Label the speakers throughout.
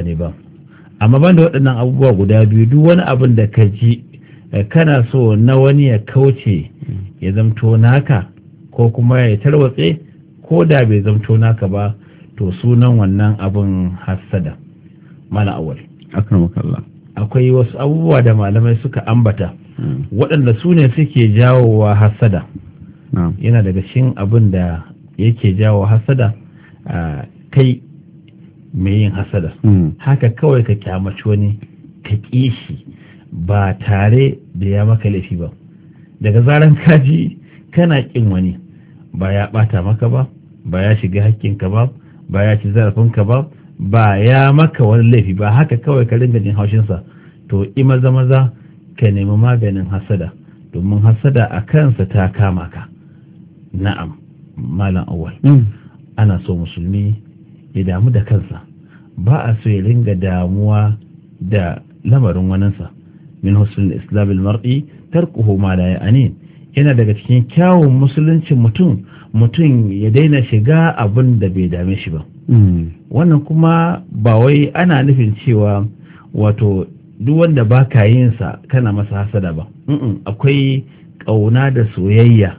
Speaker 1: ne ba amma ban da waɗannan abubuwa guda biyu duk wani abin da ka ji eh, kana so na wani ya kauce ya zamto naka ko kuma ya tarwatse ko da bai zamto naka ba to sunan wannan abin hassada mana awal akwai wasu abubuwa da malamai suka ambata hmm. waɗanda su ne suke jawo wa hassada yana daga cikin abin da yake jawo hassada ah, kai mai yin hasada hmm. haka kawai ka kyamaci wani ka kishi ba tare da ya maka laifi ba daga zaran kaji kana ƙin wani ba ya ɓata maka ba ba ya shiga hakkinka ba ba ya ci zarafinka ba ba ya maka wani laifi ba haka kawai ka ringa jin haushinsa to ima maza-maza ka nemi maganin hasada domin hasada a kansa ta kama ka na'am malam awal hmm. ana so musulmi ya damu da kansa ba a so ya ringa damuwa da lamarin waninsa min husnul islam al-mar'i tarkuhu ma la ya'ni yana daga cikin kyawun musuluncin mutum mutum ya daina shiga abin da bai dame shi ba hmm. wannan kuma ba wai ana nufin cewa wato duk wanda ba ka yin sa kana masa hasada ba akwai kauna da soyayya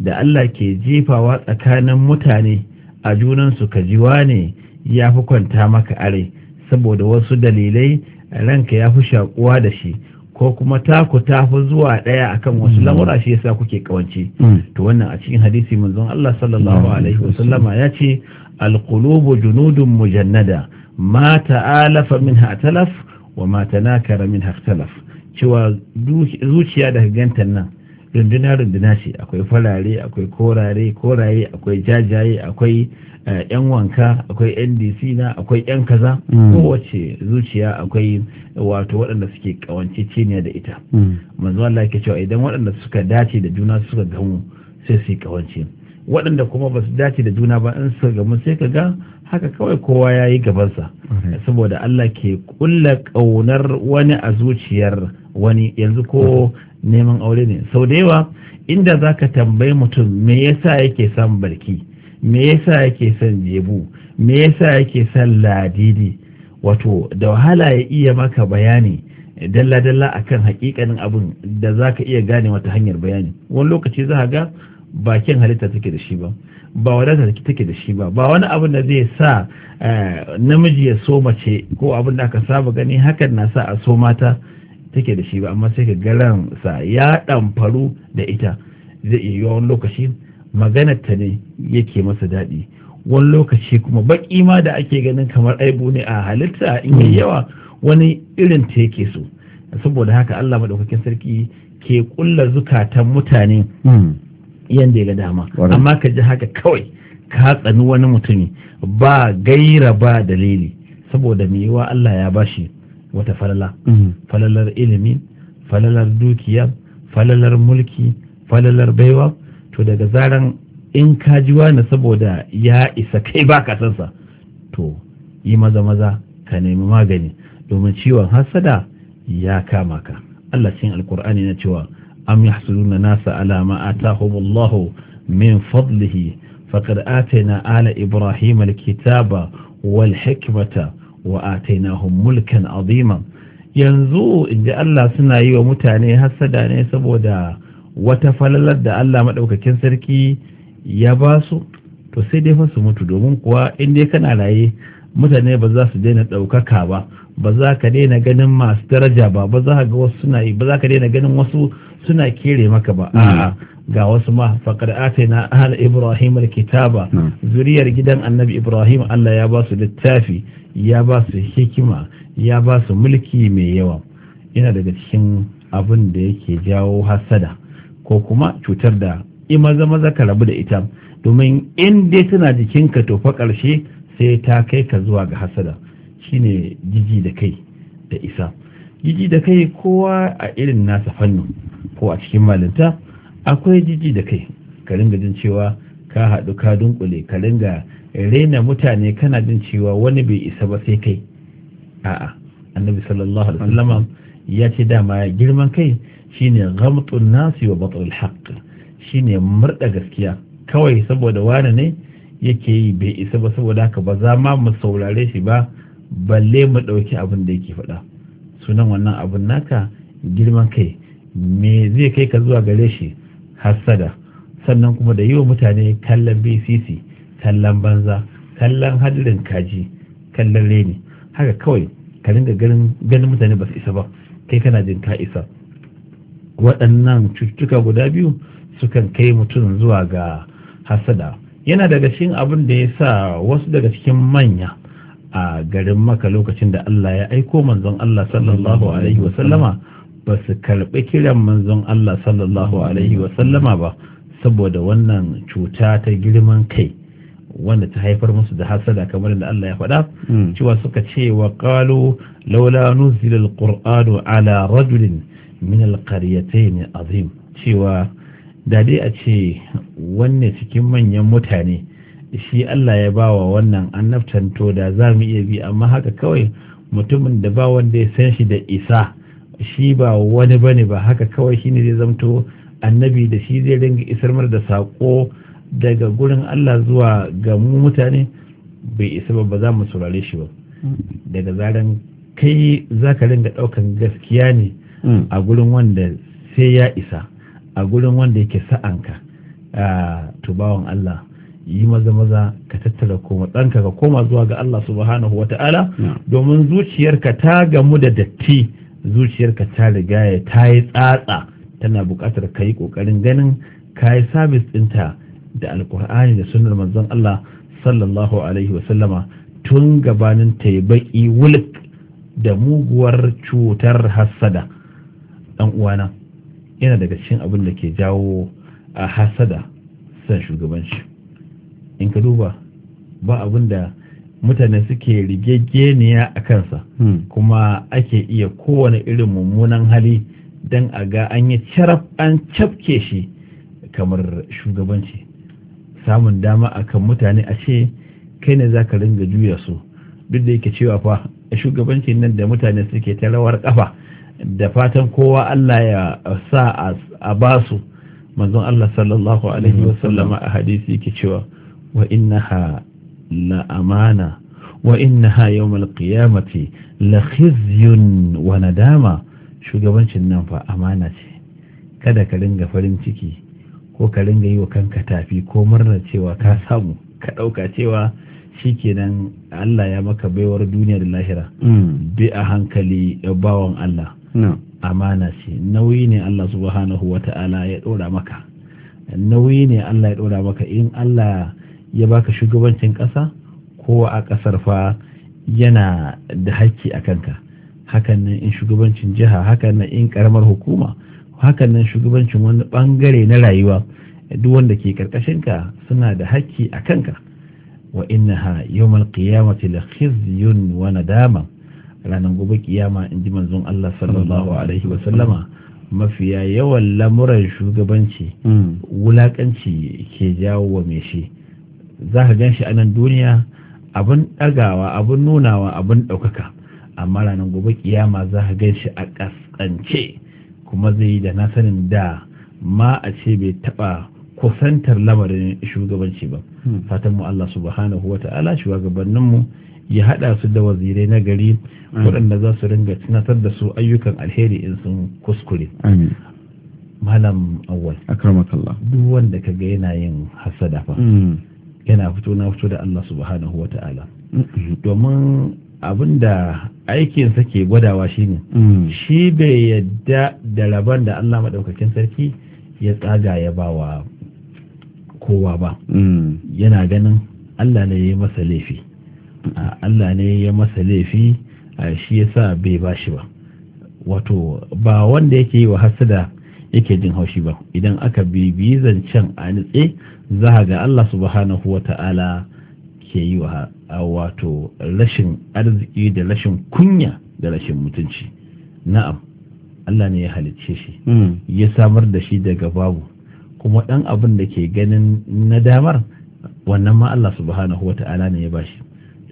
Speaker 1: da Allah ke jefawa tsakanin mutane a junansu ka ji wane ya fi kwanta maka are saboda wasu dalilai ranka ya fi shakuwa da shi ko kuma taku ta fi zuwa ɗaya akan wasu mm. lamura shi yasa kuke kawance mm. to wannan a cikin hadisi manzon Allah sallallahu mm. alaihi wasallama ya ce alqulubu junudun mujannada ma ta'alafa minha talaf wa ma tanakara minha talaf cewa zuciya daga gantan nan runduna runduna ce akwai farare akwai korare koraye akwai jajaye akwai yan eh, wanka akwai ndc na akwai yan kaza mm. kowace zuciya akwai wato waɗanda suke kawance ciniya da ita mm. manzo Allah ke cewa idan waɗanda suka dace da juna suka gamu sai su yi kawance waɗanda kuma ba su dace da juna ba in su gamu sai ka ga haka kawai kowa ya yi gabansa saboda Allah ke kulla ƙaunar wani a zuciyar wani yanzu ko neman aure ne sau da yawa inda za ka tambayi mutum me yasa yake son barki me yasa yake son jebu me yasa yake son ladidi wato da wahala ya iya maka bayani dalla-dalla akan hakikanin abin da za ka iya gane wata hanyar bayani wani lokaci za ga bakin halitta take da shi ba ba wadata take da shi ba ba wani abin da zai sa eh, namiji ya so mace ko abin da aka saba gani hakan na sa a so mata take da shi ba amma sai ka garan sa ya damfaru da ita zai iya wani lokaci maganar ta ne yake masa daɗi wani lokaci kuma baƙi ma da ake ganin kamar aibu ne a halitta in yi yawa wani irin ta yake so saboda haka Allah maɗaukakin sarki ke ƙulla zukatan mutane hmm. yadda ya ga dama amma ka ji haka kawai ka tsani wani mutumi ba gaira ba dalili saboda mai yiwa Allah ya bashi wata falala mm-hmm. falalar ilimi falalar dukiya falalar mulki falalar baiwa to daga zaran in ka ji wani saboda ya isa kai ba ka sansa to yi maza maza ka nemi magani domin ciwon hasada ya kama ka Allah cikin alkur'ani na cewa am yahsuduna alama ala ma atahumullahu min fadlihi faqad atayna ala ibrahima alkitaba wal hikmata wa atainahum mulkan azima yanzu inda Allah suna yi wa mutane hassada ne saboda wata falalar da Allah maɗaukakin sarki ya ba su to sai dai fa mutu domin kuwa in dai kana raye mutane ba za su daina ɗaukaka ba ba za ka daina ganin masu daraja ba ba ba za ka daina ganin wasu suna kere maka ba hmm. a'a ga wasu ma faqad atayna ahla ibrahim alkitaba hmm. zuriyar gidan annabi ibrahim Allah ya ba su littafi ya ba su hikima ya ba su mulki mai yawa ina daga cikin abin da yake jawo hasada ko kuma cutar da ima zama zaka rabu da ita domin in dai tana jikinka to fa ƙarshe sai ta kai ka zuwa ga hasada shine jiji da kai da isa jiji da kai kowa a irin nasa fannin ko a cikin malinta akwai jiji da kai ka ringa jin cewa ka haɗu ka dunkule ka ringa rena mutane kana jin cewa wani bai isa ba sai kai a'a annabi sallallahu alaihi wasallam ya ce dama girman kai shine ghamtun nasi wa batul haqq shine murda gaskiya kawai saboda wani ne yake yi bai isa ba saboda haka ba za ma mu saurare shi ba balle mu ɗauki abin da yake faɗa sunan wannan abun naka girman kai me zai kai ka zuwa gare shi hassada sannan kuma da yiwa mutane kallon bcc kallon banza kallon hadirin kaji kallon reni haka kawai ka ringa ganin mutane ba su isa ba kai kana jin ka isa waɗannan cututtuka guda biyu sukan kai mutum zuwa ga hasada yana daga cikin abin da ya sa wasu daga cikin manya a garin maka lokacin da Allah ya aiko manzon Allah sallallahu alaihi wa sallama ba su karɓi kiran manzon Allah sallallahu alaihi wa sallama ba saboda wannan cuta ta girman kai wanda ta haifar musu da hasada kamar da Allah ya faɗa hmm. cewa suka ce wa qalu laula nuzila alqur'anu ala rajulin min alqaryatayn azim cewa da dai a ce wanne cikin manyan mutane shi Allah ya bawa wannan annabtan to da za mu iya bi amma haka kawai mutumin da ba wanda ya san shi da isa shi ba wani bane ba haka kawai shine zai zamto annabi da shi zai ringa isar mar da sako daga gurin Allah zuwa ga mu mutane bai isa ba ba za mu saurare shi ba daga zaran kai za ka ringa daukan gaskiya ne a gurin wanda sai ya isa a gurin wanda yake sa'anka a ah, tubawan Allah yi maza maza ka tattara koma ɗanka ka koma zuwa ga Allah subhanahu wata'ala domin zuciyarka ta gamu da datti zuciyarka ta rigaya ta yi tsatsa tana buƙatar ka yi ƙoƙarin ganin ka yi sabis ɗinta da alƙur'ani da sunnar manzon Allah sallallahu alaihi sallama tun gabanin ta yi baƙi wulk da muguwar cutar hassada ɗan uwana yana daga cikin abin da ke jawo a hassada san shugabanci. in ka duba ba abin da mutane suke rigegeniya a kansa hmm. kuma ake iya kowane irin mummunan hali don a ga an yi an cafke shi kamar shugabanci samun dama akan mutane a ce kai ne za ka ringa juya su duk da yake cewa fa a shugabanci nan da mutane suke ta rawar kafa da fatan kowa Allah ya sa a basu manzon Allah sallallahu alaihi hmm. wasallama a hadisi yake cewa وإنها لأمانة وإنها يوم القيامة لخزي وندامة shugabancin nan fa amana ce kada ka ringa farin ciki ko ka ringa yi wa kanka tafi ko murna cewa ka samu ka ɗauka cewa shikenan Allah ya maka baiwar duniya da lahira bi a hankali bawan Allah amana ce nauyi ne Allah subhanahu wa ta'ala ya ɗora maka nauyi ne Allah ya ɗora maka in Allah ya baka shugabancin ƙasa kowa a ƙasar fa yana da haƙƙi a kanka hakan nan in shugabancin jiha hakan nan in ƙaramar hukuma hakan nan shugabancin wani ɓangare na rayuwa duk wanda ke ƙarƙashinka suna da haƙƙi a kanka wa innaha yawmal qiyamati la khizyun wa nadama ranar gobe kiyama in ji manzon Allah sallallahu alaihi wa sallama mafiya yawan lamuran shugabanci hmm. wulakanci ke jawo wa mai shi za ka gan shi a nan duniya abin ɗagawa abin nunawa abin ɗaukaka amma ranar gobe kiyama za ka gan shi a ƙasƙance kuma zai yi da na sanin da ma a ce bai taɓa kusantar lamarin shugabanci ba hmm. fatan mu Allah subhanahu wa ta'ala shugabanninmu ya haɗa su da wazirai na gari hmm. waɗanda za su ringa tunatar da su ayyukan alheri in sun kuskure malam awwal
Speaker 2: akramakallah
Speaker 1: duk wanda ka ga yana yin hasada fa hmm. yana fito na fito da Allah subhanahu wa ta'ala domin abin da aikinsa ke gwadawa shine mm. shi bai yadda da rabon da Allah maɗaukakin sarki ya tsaga ya ba wa kowa ba mm. yana ganin Allah ne ya masa laifi Allah ne ya masa laifi shi yasa bai bashi ba wato ba wanda yake yi wa hasada yake jin haushi ba idan aka bibiyi zancen a nitse za ga Allah subhanahu wa ta'ala ke yi wa wato rashin arziki da rashin kunya da rashin mutunci na'am Allah ne ya halicce shi hmm. ya samar da shi daga babu kuma ɗan abin da ke ganin na damar wannan ma Allah subhanahu wa ta'ala ne ya ba shi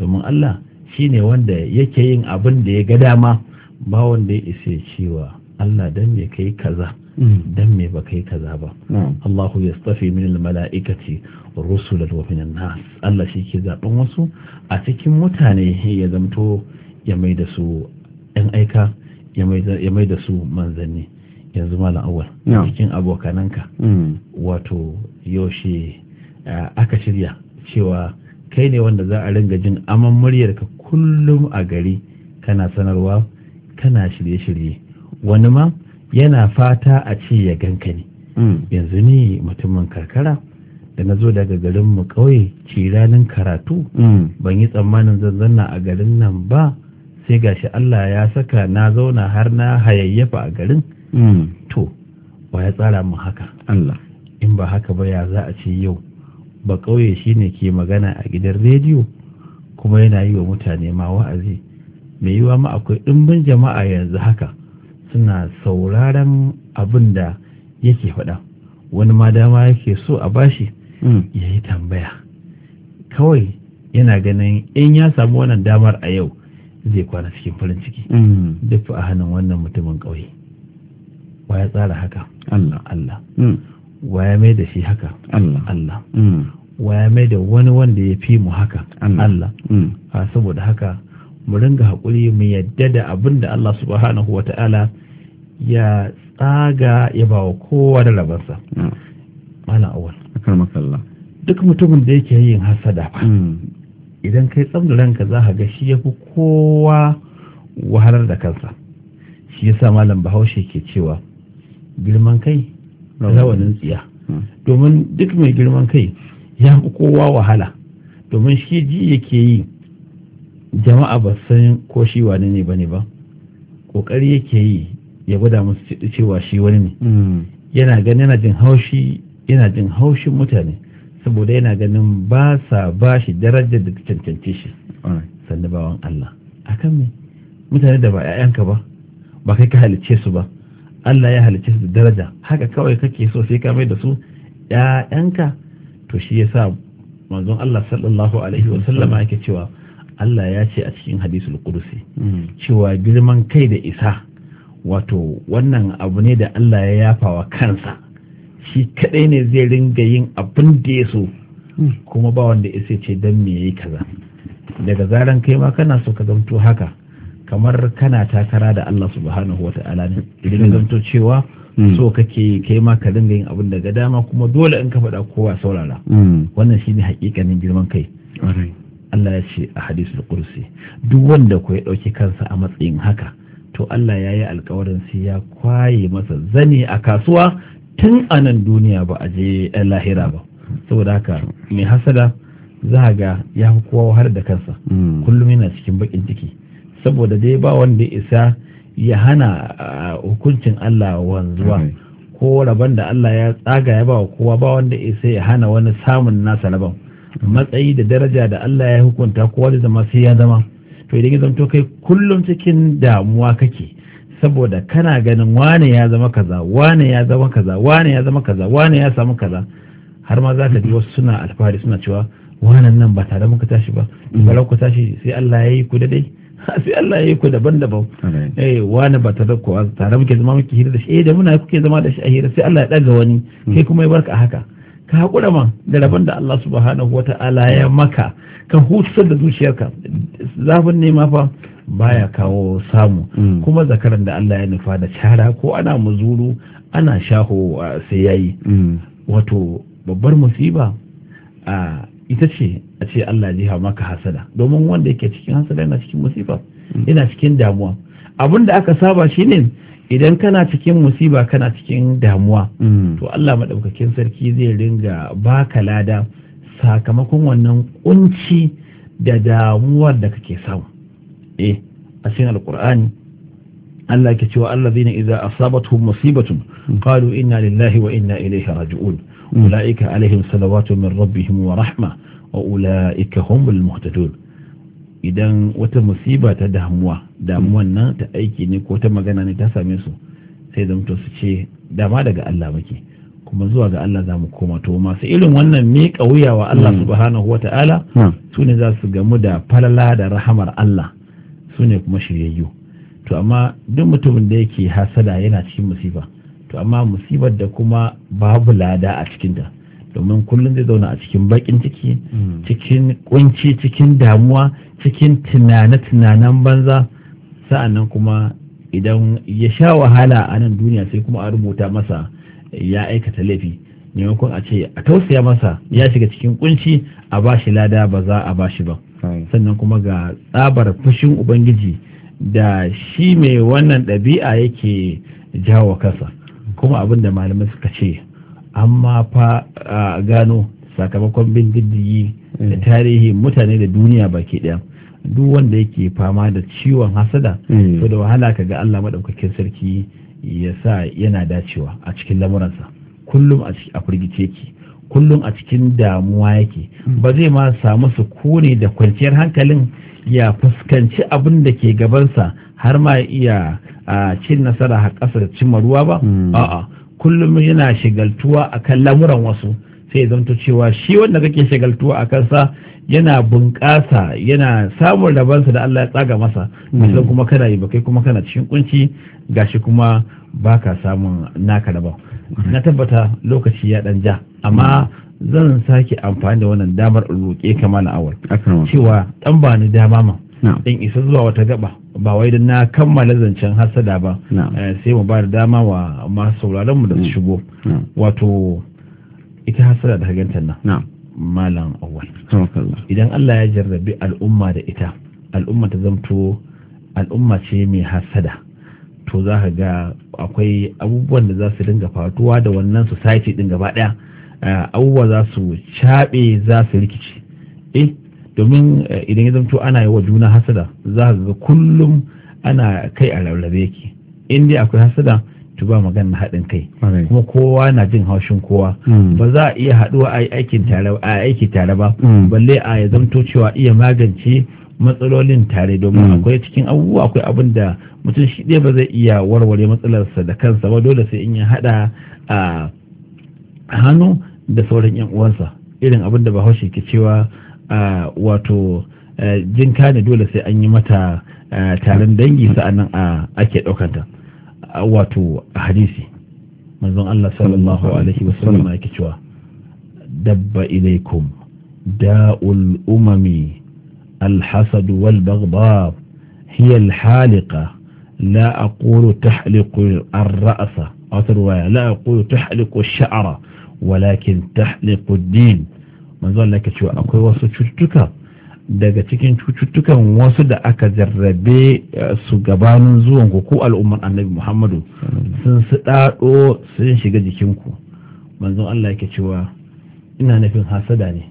Speaker 1: domin Allah shi ne wanda yake yin abin da ya ga dama ba wanda ya isa cewa Allah dan ya kai kaza Mm. dan me ba kai kaza ba Allahu yastafi min almalaikati rusulan wa min nas Allah shi ke zaben wasu a cikin mutane ya zamto ya mai da su yan aika ya mai da su manzanni yanzu malam awal cikin abokananka mm. wato yaushe eh, aka shirya cewa kai ne wanda za a ringa jin aman muryarka kullum a gari kana sanarwa kana shirye-shirye wani ma yana fata a ce ya ganka ne mm. yanzu ni mutumin karkara da na zo daga garin mu ƙauye ci ranin karatu mm. ban yi tsammanin zanzanna a garin nan ba sai gashi Allah ya saka na zauna har na hayayyafa a garin mm. to wa ya tsara mu haka Allah in ba haka ba ya za a ce yau ba kauye shine ke magana a gidan rediyo kuma yana yi wa mutane ma wa'azi mai yiwa ma akwai ɗimbin jama'a yanzu haka suna sauraron abin da yake faɗa wani ma dama yake so a bashi hmm. ya yi tambaya kawai yana ganin in ya samu wannan damar a yau zai kwana cikin farin ciki hmm. duk a hannun wannan mutumin ƙauye wa ya tsara haka Allah Allah hmm. wa ya mai da shi haka Allah Allah wa ya mai da wani wanda ya fi mu haka Allah saboda haka mu ringa haƙuri mu yadda da abinda Allah subhanahu wa ta'ala ya tsaga ya ba wa kowa da labarsa malam awal duk mutumin da yake yin hasada ba hmm. idan kai tsamda ranka za ka ga shi ya fi kowa wahalar da kansa shi ya sa malam bahaushe ke cewa girman kai rawanin tsiya hmm. domin duk mai girman kai ya fi kowa wahala domin shi ji yake yi jama'a ba san ko shi wane ne bane ba kokari yake yi ya gwada musu cewa shi wani ne mm. yana gani yana jin haushi yana jin haushin mutane saboda yana ganin ba sa ba shi darajar da ta cancanci shi sannu bawan Allah akan me mutane da ba 'ya'yanka ba ba kai ka halicce su ba Allah ya halicce su da daraja haka kawai kake so sai ka mai da su 'ya'yanka to shi yasa manzon Allah sallallahu alaihi wa sallama yake cewa Allah ya ce a cikin hadisul qudusi mm. cewa girman kai da isa wato wannan abu ne da Allah ya yafa wa kansa shi kadai ne zai ringa yin abin da ya so hmm. kuma ba wanda ya ce don me yayi kaza daga zaran kai ma kana so ka zamto haka kamar kana takara da Allah subhanahu wata'ala ne idan ka zamto cewa hmm. so kake kai ma ka ringa yin abin daga dama kuma dole in ka faɗa kowa saurara hmm. wannan shine hakikanin girman kai Allah ya ce a hadisul kursi duk wanda ku ya ɗauki kansa a matsayin haka to Allah ya yi alkawarin sai ya kwaye masa zani a kasuwa tun a nan duniya ba a je lahira ba saboda haka mai hasada za a ga ya fi kowa har da kansa hmm. kullum yana cikin bakin ciki saboda dai ba wanda isa ya hana uh, hukuncin Allah wanzuwa ko rabon da Allah ya tsaga ya ba kowa ba wanda isa ya hana wani samun nasa rabon hmm. matsayi da daraja da Allah ya hukunta kowa da zama sai ya zama to idan ya zamto kai kullum cikin damuwa kake saboda kana ganin wane ya zama kaza wane ya zama kaza wane ya zama kaza wane ya samu kaza har ma za ka ji wasu suna alfahari suna cewa wane nan ba tare muka tashi ba balau mm. ku tashi sai Allah ya yi ku da dai sai Allah ya yi ku daban-daban eh wani ba tare ku tare muke zama muke hira da shi eh da muna kuke zama da shi a hira sai Allah ya ɗaga wani mm. kai kuma ya barka a haka ka haƙura ma da rabon da Allah subhanahu wata'ala ya maka ka hutar da zuciyarka zafin nema fa baya kawo samu mm. kuma zakaran da Allah ya nufa da cara ko ana muzuru ana shaho sai yayi mm. wato babbar musiba a ita ce a ce Allah jiha maka hasada domin wanda yake cikin hasada yana cikin musifa mm. yana cikin damuwa abin da aka saba shine idan kana cikin musiba kana cikin damuwa mm. to Allah maɗaukakin sarki zai ringa baka lada sakamakon wannan kunci da damuwar da kake samu eh a cikin alkur'ani Allah ke cewa allazina idza asabatuhum musibatun mm. qalu inna lillahi wa inna ilaihi raji'un mm. ulaika alaihim salawatu min rabbihim wa rahma wa ulaika humul muhtadun idan wata musiba ta damuwa damuwan nan ta aiki ne ko ta magana ne ta same su sai mutu su ce dama daga Allah muke kuma zuwa ga Allah za mu koma to masu irin wannan miƙa kauya wa Allah hmm. subhanahu wa ta'ala hmm. su ne za su gamu da falala da rahamar Allah su ne kuma shiryayyu to amma duk mutumin da yake hasada yana cikin musiba to amma musibar da kuma babu lada a cikinta domin kullum zai zauna a cikin bakin ciki hmm. cikin kunci cikin damuwa cikin tunane-tunanen banza sa'an nan kuma idan ya sha wahala a nan duniya sai kuma a rubuta masa ya aikata laifi maimakon a ce a tausaya masa ya shiga cikin kunci a ba shi lada ba za a ba shi ba sannan kuma ga tsabar fushin ubangiji da shi mai wannan ɗabi'a yake jawo kasa kuma abin da malamai suka ce amma fa gano sakamakon bin diddigi da mm. tarihi mutane da duniya baki ɗaya duk wanda yake fama da ciwon hasada mm. to da wahala ka ga Allah madaukakin sarki ya sa yana dacewa a cikin lamuransa kullum a firgice ki kullum a cikin damuwa yake mm. ba zai ma samu su kone da kwanciyar hankalin ya fuskanci abin da ke gabansa har ma iya cin nasara a ƙasa da cimma ruwa ba mm. a'a kullum yana shigaltuwa akan lamuran wasu sai zanto cewa shi wanda kake shagaltuwa a kansa yana bunƙasa yana samun rabansa da Allah ya tsaga masa mm. kuma kuma kana yi bakai kuma kana cikin kunci gashi kuma baka samun naka raba mm. na tabbata lokaci ya ɗan ja amma mm. zan sake amfani da wannan damar roƙe kama na awal cewa dan ba ni dama ma in isa zuwa wata gaba ba wai da na kammala zancen hasada ba eh, sai mu ba da dama wa masu sauraron mu da su shigo wato ita hasara da haganta nan malam awwal idan Allah ya jarrabi al'umma da ita al'umma ta zamto al'umma ce mai hasada to za ka ga akwai abubuwan da za su dinga fatuwa da wannan society din gaba daya eh, abubuwa za su caɓe za su rikici eh domin eh, idan ya zamto ana yi wa juna hasada za ka ga kullum ana kai a rarrabe yake in dai akwai hasada ba magana haɗin kai kuma kowa na jin haushin kowa hmm. ba za a iya haɗuwa a aikin aiki tare ba hmm. balle a ya zamto cewa iya magance matsalolin tare domin hmm. akwai cikin abubuwa akwai abin da mutum shi ɗaya ba zai iya warware matsalarsa da kansa ba dole sai in ya haɗa a hannu da sauran yan uwansa irin abin da bahaushe ke cewa wato eh, jinka ne dole sai an yi mata eh, taron dangi sa'annan a ake ɗaukanta. wato hadisi manzon Allah sallallahu alaihi wasallam yake cewa dabba ilaikum da'ul umami الحسد والبغضاء هي الحالقة لا أقول تحلق الرأس أو لا أقول تحلق الشعر ولكن تحلق الدين من ظل لك شو أقول وصف daga cikin cututtukan wasu da aka jarrabe eh, su gabanin zuwan ko al'ummar annabi muhammadu sun su ɗaɗo sun shiga jikinku manzon Allah yake cewa ina nufin hasada ne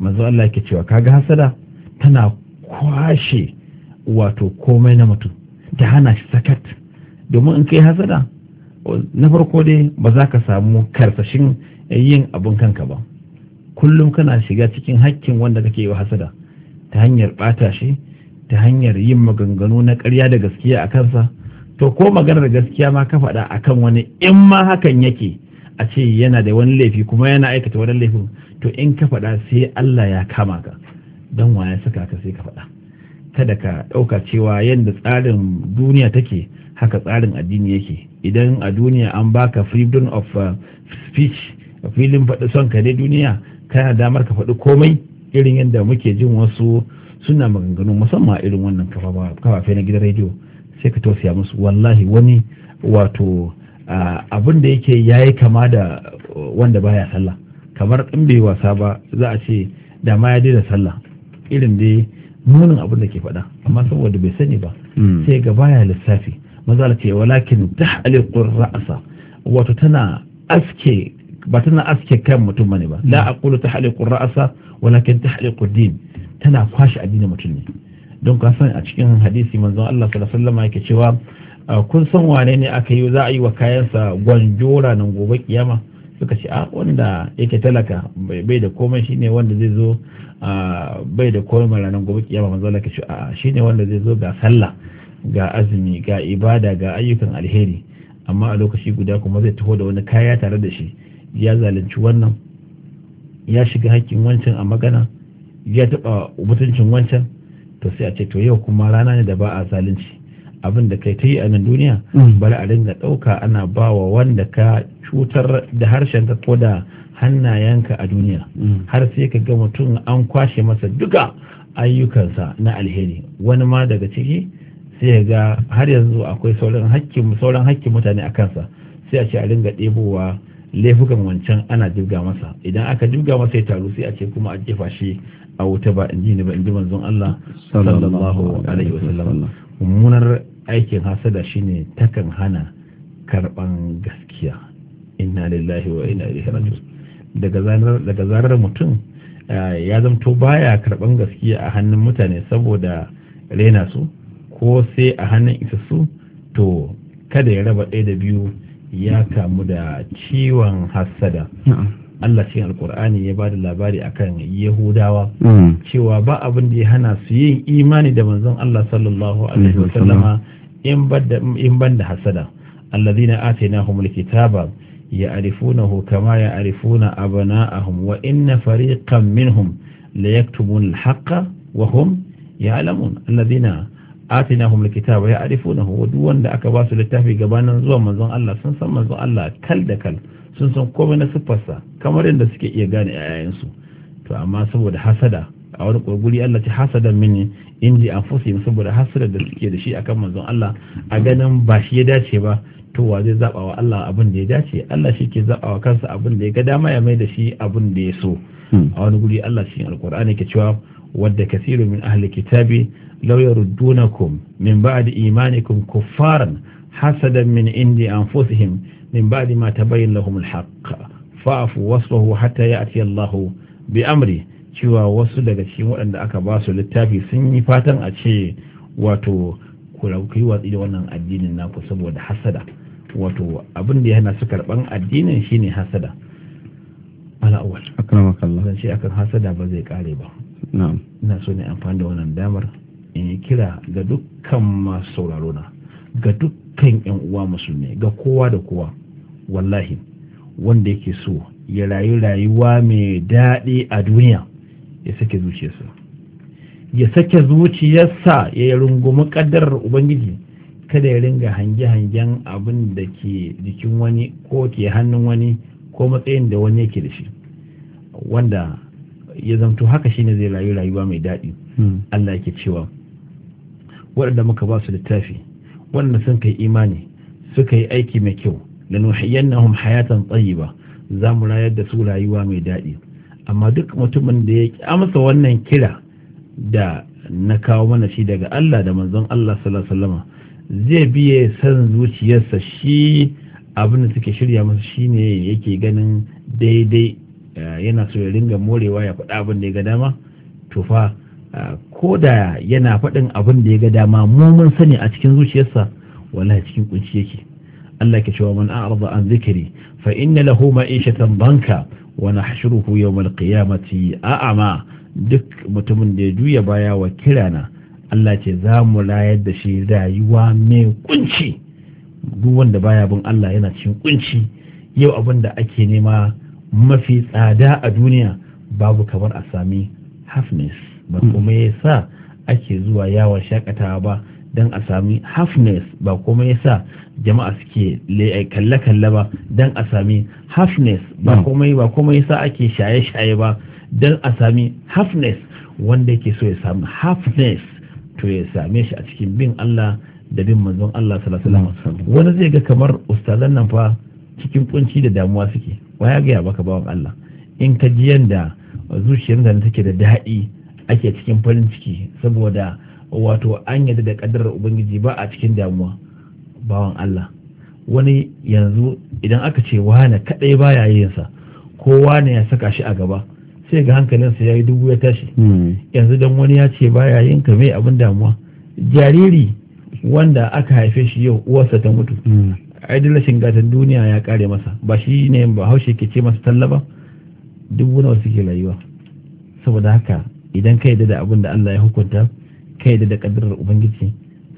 Speaker 1: manzon Allah yake cewa kaga hasada tana kwashe wato komai na mutum ta hana shi sakat domin in kai hasada na farko dai ba za ka samu karsashin yin abin kanka ba kullum kana shiga cikin hakkin wanda kake yi wa hasada ta hanyar ɓata shi ta hanyar yin maganganu na ƙarya da gaskiya a kansa to ko maganar gaskiya ma ka faɗa kan wani in ma hakan yake a ce yana da wani laifi kuma yana aikata wani laifin to in ka faɗa sai Allah ya kama ka dan waya saka ka sai ka faɗa kada ka ɗauka cewa yadda tsarin duniya take haka tsarin addini yake idan a duniya an baka freedom of uh, speech filin faɗi son ka dai duniya kana damar ka faɗi komai irin yadda muke jin wasu suna maganganu musamman irin wannan kafafe na gidan rediyo sai ka tausaya musu wallahi wani wato abin da yake yi kama da uh, wanda baya sallah kamar in bai wasa ba za a ce da ma ya daina sallah irin dai munin abin da ke faɗa amma saboda bai sani ba hmm. sai ga baya lissafi maza ce walakin da alaikur ra'asa wato tana aske ba tana aske kan mutum bane ba la hmm. aqulu tahliqu ra'sa walakin tahliqu din tana kwashi addinin mutum ne don ka san a cikin hadisi manzon Allah sallallahu alaihi wasallam yake cewa kun san wane ne aka yi za a yi wa kayansa gwanjora nan gobe kiyama suka ce a wanda yake talaka bai da komai shine wanda zai zo bai da komai ranar gobe kiyama manzo Allah ka cewa shine wanda zai zo ga sallah ga azumi ga ibada ga ayyukan alheri amma a lokaci guda kuma zai taho da wani kaya tare da shi ya zalunci wannan ya shiga hakkin wancan a magana ya taɓa mutuncin wancan to sai a ce to yau kuma rana ne da ba a zalunci abin da kai ta yi a nan duniya mm. bari a dinga ɗauka ana ba wa wanda ka cutar da harshen ka ko da hannayenka a duniya mm. har sai ka ga mutum an kwashe masa duka ayyukansa na alheri wani ma daga ciki sai ga har yanzu akwai sauran hakkin hakkin mutane a kansa sai a ce a dinga ɗebowa laifukan wancan ana jibga masa idan aka jibga masa ya taru sai a ce kuma a jefa shi a wuta ba in ji ni ba in ji manzon Allah sallallahu alaihi wasallam mummunar aikin hasada shine takan hana karban gaskiya inna lillahi wa inna ilaihi raji'un daga zarar daga zarar mutum eh, ya zamto baya karban gaskiya a hannun mutane saboda rena su ko sai a hannun isassu to kada ya raba ɗaya da biyu ya kamu da ciwon hassada Allah cikin alkur'ani ya ba da labari akan yahudawa mm. cewa ba abin da ya hana su yin imani da manzon Allah sallallahu alaihi wasallama in ban da hasada allazina atainahum alkitaba ya'rifunahu kama ya'rifuna abana'ahum wa inna fariqan minhum la yaktumuna alhaqa wa hum ya'lamun allazina atinahum alkitaba ya'rifunahu wa duk wanda aka ba su littafi gabanin zuwa manzon Allah sun san manzon Allah kal da kal sun san komai na siffarsa kamar yadda suke iya gane su to amma saboda hasada a wani kurguri Allah ta hasadan mini inji anfusihim saboda hasada da suke da shi akan manzon Allah a ganin ba shi ya dace ba to wa zai zaba wa Allah abin da ya dace Allah shi ke zaba wa kansa abin da ya ga dama ya mai da shi abin da ya so a wani guri Allah shi alkur'ani ke cewa wadda kasiru min ahli kitabi Lauyar yaruddunakum min ba'di imanikum kuffaran hasadan min indi anfusihim min mata ma tabayyin lahum al-haqq fa'fu wasfahu hatta ya'ti Allahu bi amri cewa wasu daga cikin waɗanda aka ba su littafi sun yi fatan a ce wato ku yi watsi addinin naku saboda hasada wato abin da yana su karɓan addinin shine hasada ala'awal akan hasada ba zai kare ba
Speaker 2: na
Speaker 1: so ne amfani da wannan damar in yi kira ga dukkan masu sauraro na ga dukkan yan uwa musulmi ga kowa da kowa wallahi wanda yake so ya rayu rayuwa mai daɗi a duniya ya sake zuciyarsa ya sake zuciyarsa ya rungumi ƙaddarar ubangiji kada ya ringa hange-hangen abin da ke jikin wani ko ke hannun wani ko matsayin da wani yake da shi wanda ya zamto haka shine zai rayu rayuwa mai daɗi hmm. Allah yake cewa waɗanda muka ba su littafi waɗanda sun kai imani suka yi aiki mai kyau da na nuhiyyannahum hayatan tsayi ba za mu rayar da su rayuwa mai daɗi amma duk mutumin da ya amsa wannan kira da na kawo mana shi daga Allah da manzon Allah sallallahu alaihi zai biye san zuciyarsa shi abin da suke shirya masa shine yake ganin daidai eh, yana so ya ringa morewa ya faɗa abin da ya ga dama to fa ah, ko da yana faɗin abin da ya ga dama mu mun sani a cikin zuciyarsa wallahi cikin kunci yake Allah ke cewa man a'rada an zikri fa inna lahu ma'ishatan banka wa nahshuruhu yawm al-qiyamati a'ama duk mutumin da ya juya baya wa kirana Allah ce za mu layar da shi rayuwa mai kunci duk wanda baya bin Allah yana cikin kunci yau abin da ake nema mafi tsada a duniya babu kamar a sami happiness ba kuma ya sa ake zuwa yawon shakatawa ba don a sami hafnes ba kuma ya sa jama'a suke eh, kalle-kalle ba don a sami hafnes ba hmm. komai ba kuma ya sa ake shaye-shaye ba don a sami hafnes wanda yake so ya sami hafnes to ya same shi a cikin bin Allah da bin manzon Allah sallallahu hmm. wani zai ga kamar ustazan nan fa cikin kunci da damuwa suke waya ga baka bawan Allah in ka ji yanda zuciyar da take da daɗi ake cikin farin ciki saboda wato an yadda da kaddarar ubangiji ba a cikin damuwa bawan Allah wani yanzu idan aka ce wane kadai baya yin sa ko wane ya saka shi a gaba sai ga hankalinsa ya yi dubu ya tashi hmm. yanzu dan wani ya ce baya yin ka mai abin damuwa jariri wanda aka haife shi yau uwarsa ta mutu hmm. rashin gatan duniya ya kare masa ba shi ne ba haushe ke ce masa tallaba dubu nawa suke rayuwa saboda haka idan ka yadda da abin da Allah ya hukunta ka yadda da kaddarar ubangiji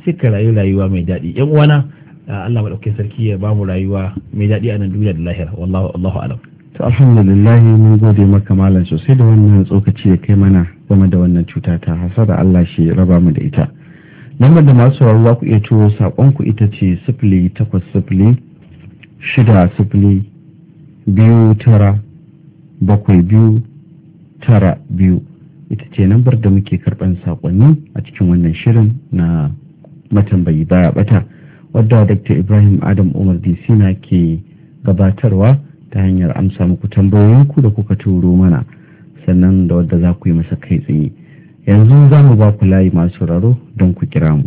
Speaker 1: sai ka rayu rayuwa mai daɗi yan uwana Allah madauke sarki ya ba mu rayuwa mai daɗi a nan duniya da lahira
Speaker 2: wallahu Allahu alam to alhamdulillah mun gode maka malam sosai da wannan tsokaci ya kai mana game da wannan cuta ta hasada Allah shi raba mu da ita lambar da masu sauraro ku iya turo sakon ku ita ce sifili takwas sifili shida sifili biyu tara bakwai biyu tara biyu ita ce lambar da muke karban saƙonni a cikin wannan shirin na matambayi baya bata wadda dr ibrahim adam umar sina ke gabatarwa ta hanyar amsa muku ku da kuka turo mana sannan da wadda za ku yi masa kai tsaye yanzu za mu ba ku layi masu raro don ku kira mu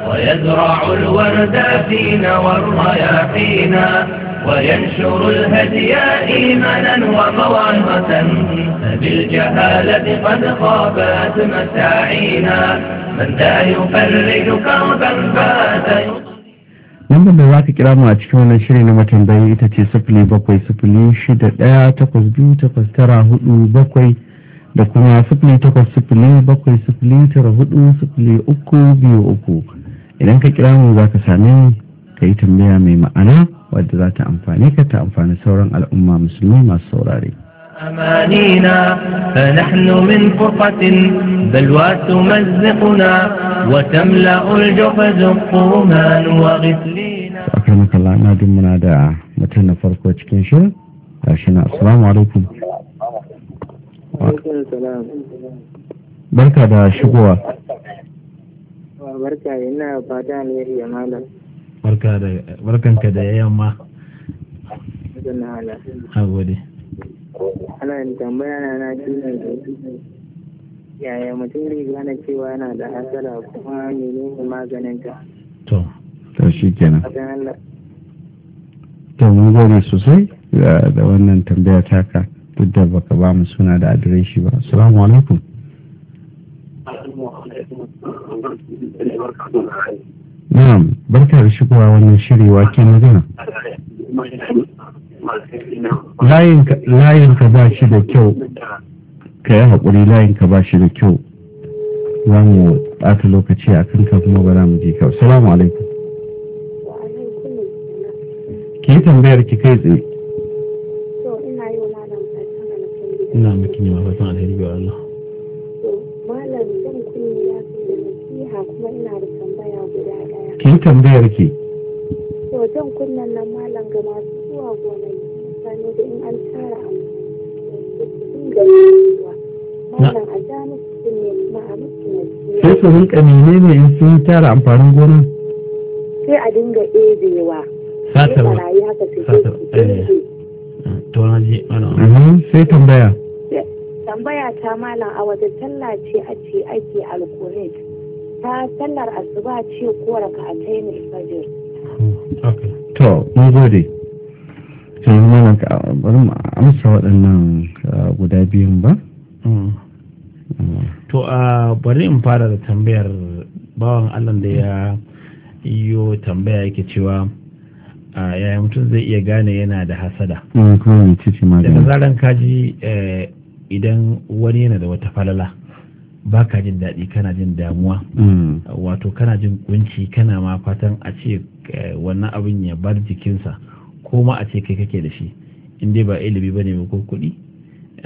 Speaker 2: ويزرع
Speaker 1: الورد فينا والرياحينا وينشر الهدي إيمانا وموعظة فبالجهالة قد خابت مساعينا
Speaker 2: من لا يفرج كربا
Speaker 3: فات
Speaker 2: Lambar da za ka kira mu a cikin wannan shirin na matambayi ita ce sufuli bakwai sufuli shida ɗaya takwas biyu takwas tara hudu bakwai da kuma sufuli takwas sufuli bakwai sufuli tara hudu sufuli uku biyu uku idan ka kira mu za ka same ka yi tambaya mai ma'ana wadda za ta amfani ka ta amfani sauran al'umma musulmi masu saurare
Speaker 3: أمانينا فنحن من فرقة بلوى تمزقنا وتملأ الجحز قرمان وغفلينا
Speaker 2: أكرمك الله ما دمنا دا متنا فرق وتشكين شو عشان السلام عليكم barka da shigowa
Speaker 3: barka ina fata alheri ya malam
Speaker 1: barkanka da yamma a gode
Speaker 3: ana tambaya na na shi ne yaya mutum zai gane cewa yana da hasara kuma menene maganinta
Speaker 2: to to shi kenan to mun gode sosai da wannan tambaya taka duk da baka ba mu suna da adireshi ba assalamu alaikum Na'am, barka da shigowa wannan shiri wake magana. Layin ka ba shi da kyau, ka yi haƙuri layin ka ba shi da kyau. Za mu ɓata lokaci a kan ka kuma ba za mu je kyau. Salamu alaikum. Ki yi tambayar ki kai tsaye. Ina miki ne ma fatan ki tambayar ki
Speaker 3: wajen kunnen nan malam ga masu zuwa gonaki sani da in an tara malam a sai su rinka menene
Speaker 2: in sun tara amfanin gona
Speaker 3: sai a dinga ebewa satarwa eh. sai tambaya tambaya ta malam a wata talla ce a ce ake alkohol ta sallar asuba ce ko raka'atai ne fajr
Speaker 2: to mun gode yanzu mana bari mu amsa waɗannan ah, guda biyun ba mm.
Speaker 1: to a ah, bari in fara da tambayar bawan allah da ya iyo tambaya yake cewa ah, yaya mutum zai iya gane yana da hasada
Speaker 2: mm, daga
Speaker 1: zaran kaji eh, idan wani yana da wata falala baka jin daɗi kana jin damuwa mm. wato kana jin kunci kana ma fatan a ce eh, wannan abin ya bar jikinsa ko ma a ce kai kake da shi in dai ba ilimi ba ne ko kuɗi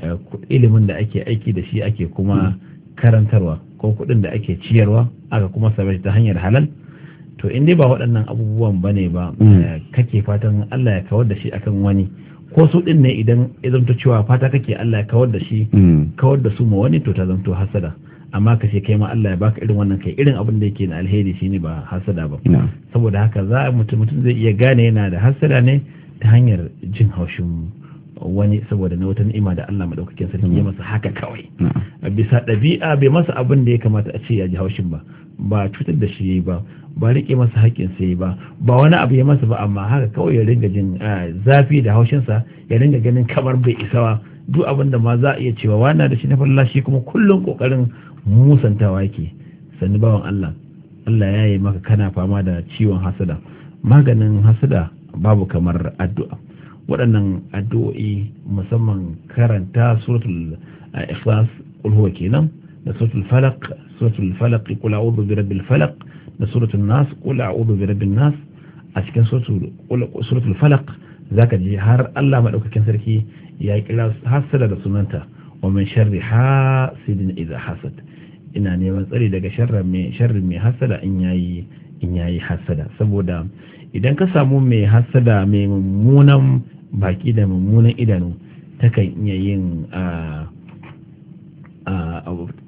Speaker 1: eh, ilimin da ake aiki da shi ake kuma mm. karantarwa ko kuɗin da ake ciyarwa aka kuma same ta hanyar halal to in dai ba waɗannan abubuwan ba ne mm. eh, ba kake fatan Allah ya kawar da shi akan wani ko su din ne idan ya zamto cewa fata kake Allah ya kawar da shi kawar da su ma wani to ta zamto hasada amma ka ce kai ma Allah ya baka irin wannan kai irin abin da yake na alheri shine ba hasada ba saboda haka za mutum mutum zai iya gane yana da hasada ne ta hanyar jin haushin wani saboda na wata ni'ima da Allah madaukakin sarki ya masa haka kawai bisa ɗabi'a bai masa abin da ya kamata a ce ya ji haushin ba ba cutar da shi ba ba rike masa haƙƙin sai ba ba wani abu ya masa ba amma haka kawai ya ringa jin zafi da haushin sa ya ringa ganin kamar bai isa ba duk abinda da ma za a iya cewa wana da shi na falla kuma kullum kokarin musantawa yake sannu bawan Allah Allah ya yi maka kana fama da ciwon hasada maganin hasada babu kamar addu'a waɗannan addu'o'i musamman karanta suratul ikhlas ulhuwa kenan da suratul falaq suratul falaq qul a'udhu bi rabbil falaq da suratul nas qul a'udhu bi rabbin nas a cikin suratul falaq zaka ji har Allah madaukakin sarki ya kira hasada da sunanta wa min sharri hasidin idha hasad ina neman tsari daga sharrin mai sharrin mai hasada in yayi in yayi hasada saboda idan ka samu mai hasada mai mummunan baki da mummunan idanu takan iya yin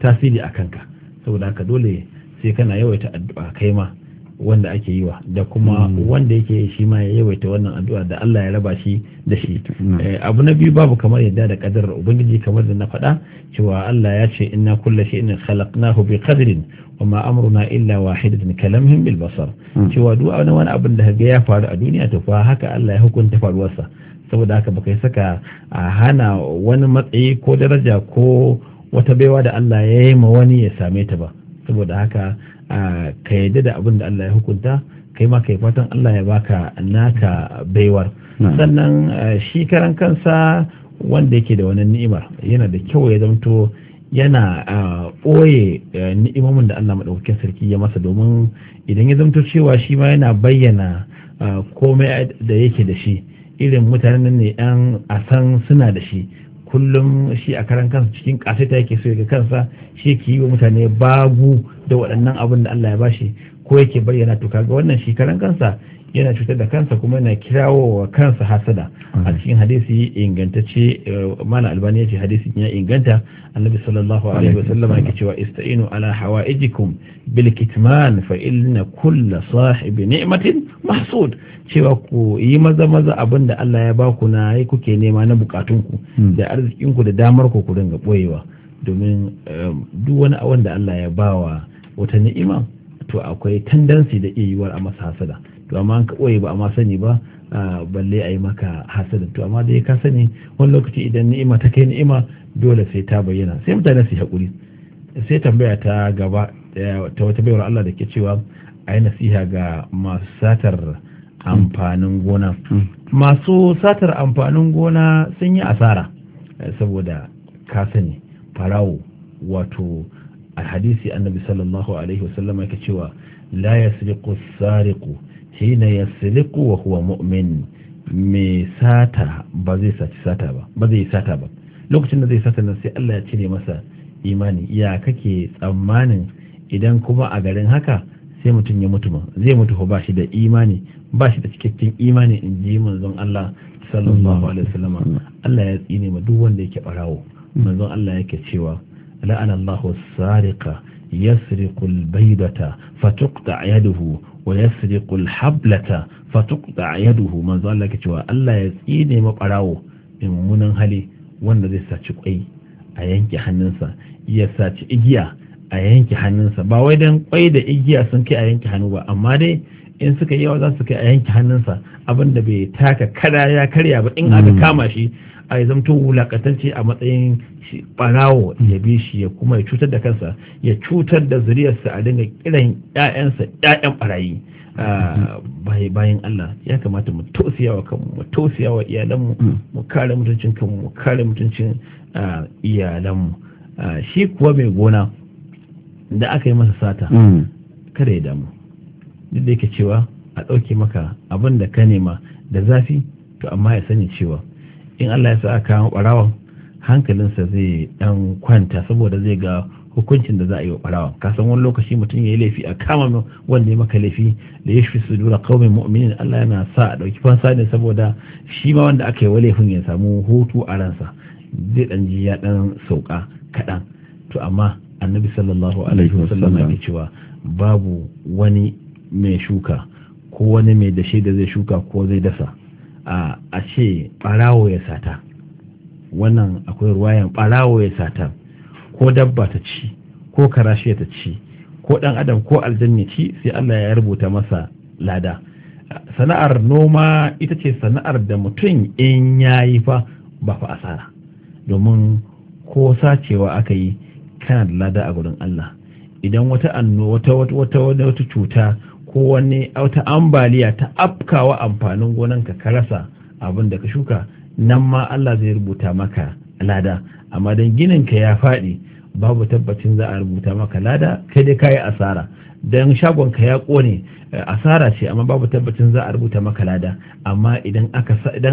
Speaker 1: tasiri a kanka saboda haka dole sai kana yawaita addu'a kai ma wanda ake yi wa da kuma hmm. wanda yake shi ma ya yawaita wannan addu'a da Allah ya raba shi da shi hmm. eh, abu na biyu babu kamar yadda da kadar ubangiji kamar da na faɗa cewa Allah ya ce inna kulla shay'in khalaqnahu bi qadrin wa ma amruna illa wahidatun kalamhim bil basar hmm. cewa duk wani abin da ga ya faru a duniya to fa haka Allah ya hukunta faruwarsa saboda haka baka saka a hana wani matsayi ko daraja ko wata baiwa da Allah ya yi ma wani ya same ta ba saboda haka ka yadda da abin da Allah ya hukunta kai ma kai fatan Allah ya baka naka baiwar sannan shi karan kansa wanda yake da wani ni'imar yana da kyau ya zamto yana ɓoye ni'imomin da Allah maɗaukakin sarki ya masa domin idan ya zamto cewa shi ma yana bayyana komai da yake da shi irin mutanen ne yan asan suna da shi kullum shi a karan kansa cikin ƙasaita yake so ya kansa shi ke yi wa mutane bagu. da waɗannan abin da Allah ya bashi ko yake bayyana to kaga wannan shi karan kansa yana cutar da kansa kuma yana kirawo wa kansa hasada a mm. cikin hadisi ingantacce eh, mana albani yace hadisi ya inganta annabi sallallahu alaihi wasallam yake cewa istainu ala hawaijikum bil kitman fa inna kulla sahibi ni'matin mahsud cewa ku yi maza maza abinda Allah ya baku na yi kuke nema na bukatun ku mm. da arzikinku da damar ku ku dinga boyewa domin eh, duk wani abin da Allah ya bawa wata ni'ima to akwai tendency da iya yiwuwar a masa hasada to amma an ka ba a ma sani ba balle a yi maka hasada? to amma dai ka sani wani lokaci idan ni'ima ta kai ni'ima dole sai ta bayyana sai mutane su haƙuri sai tambaya ta gaba eh, ta wata baiwar Allah da ke cewa a yi nasiha ga masu satar amfanin gona hmm. masu satar amfanin gona sun yi asara eh, saboda ka sani farawo wato a hadisi annabi sallallahu alaihi wasallam yake cewa la yasriqu sariqu ya siriku wa kuwa mu'min mai sata ba zai saci sata ba ba zai sata ba lokacin da zai sata nan sai Allah ya cire masa imani ya kake tsammanin idan kuma a garin haka sai mutum ya mutu zai mutu ba shi da imani ba shi da cikakken imani in ji manzon Allah sallallahu alaihi wasallam Allah ya tsine ma duk wanda yake barawo manzon Allah yake cewa la'ana Allahu sariqa يسرق البيضة فتقطع يده ويسرق الحبلة فتقطع يده من ذا الله كتوا الله يسيني مقراو من منن hali, wanda zai saci kwai a yanke hannunsa ya saci igiya a yanke hannunsa ba wai dan ƙwai da igiya sun kai a yanke hannu ba amma dai in suka yi yawa za su kai a yanke hannunsa abin da bai taka kada ya karya ba in aka hmm. kama shi a yi zamto wulakatance a matsayin barawo ya bi shi ya kuma ya cutar da kansa ya cutar da zuriyarsa a dinga kiran ƴaƴansa ƴaƴan barayi ah, bayan Allah ya kamata mu tosiya wa kanmu mu tosiya wa iyalanmu hmm. mu kare mutuncin kanmu mu kare mutuncin ah, iyalanmu ah, shi kuwa mai gona da aka yi masa sata hmm. kada damu duk da yake cewa a ɗauke maka abin da ka nema da zafi to amma ya sani cewa in Allah ya sa aka kawo barawan hankalinsa zai ɗan kwanta saboda zai ga hukuncin da za a yi wa ka san wani lokaci mutum ya yi laifi a kama wanda ya maka laifi da ya fi sudura kawai mu'minin Allah yana sa a ɗauki fansa ne saboda shi ma wanda aka yi wa laifin ya samu hutu a ransa zai ɗan ji ya ɗan sauka kaɗan to amma annabi sallallahu alaihi wasallam ya cewa babu wani mai shuka ko wani mai dashe da zai shuka ko zai dasa a ce ɓarawo ya sata wannan akwai ruwayan ɓarawo ya sata ko dabba ta ci ko karashiya ta ci ko ɗan adam ko aljanni ci sai allah ya rubuta masa lada sana'ar noma ita ce sana'ar da mutum in ya yi fa ba fa asara domin ko sacewa aka yi kana da lada a gurin allah idan wata wata wata wata cuta ko wani wata ambaliya ta afkawa amfanin gonanka ka rasa abin da ka shuka nan ma Allah zai rubuta maka lada amma don ginin ka ya faɗi babu tabbacin za a rubuta maka lada kai dai kayi asara don shagon ka ya kone eh, asara ce amma babu tabbacin za a rubuta maka lada amma idan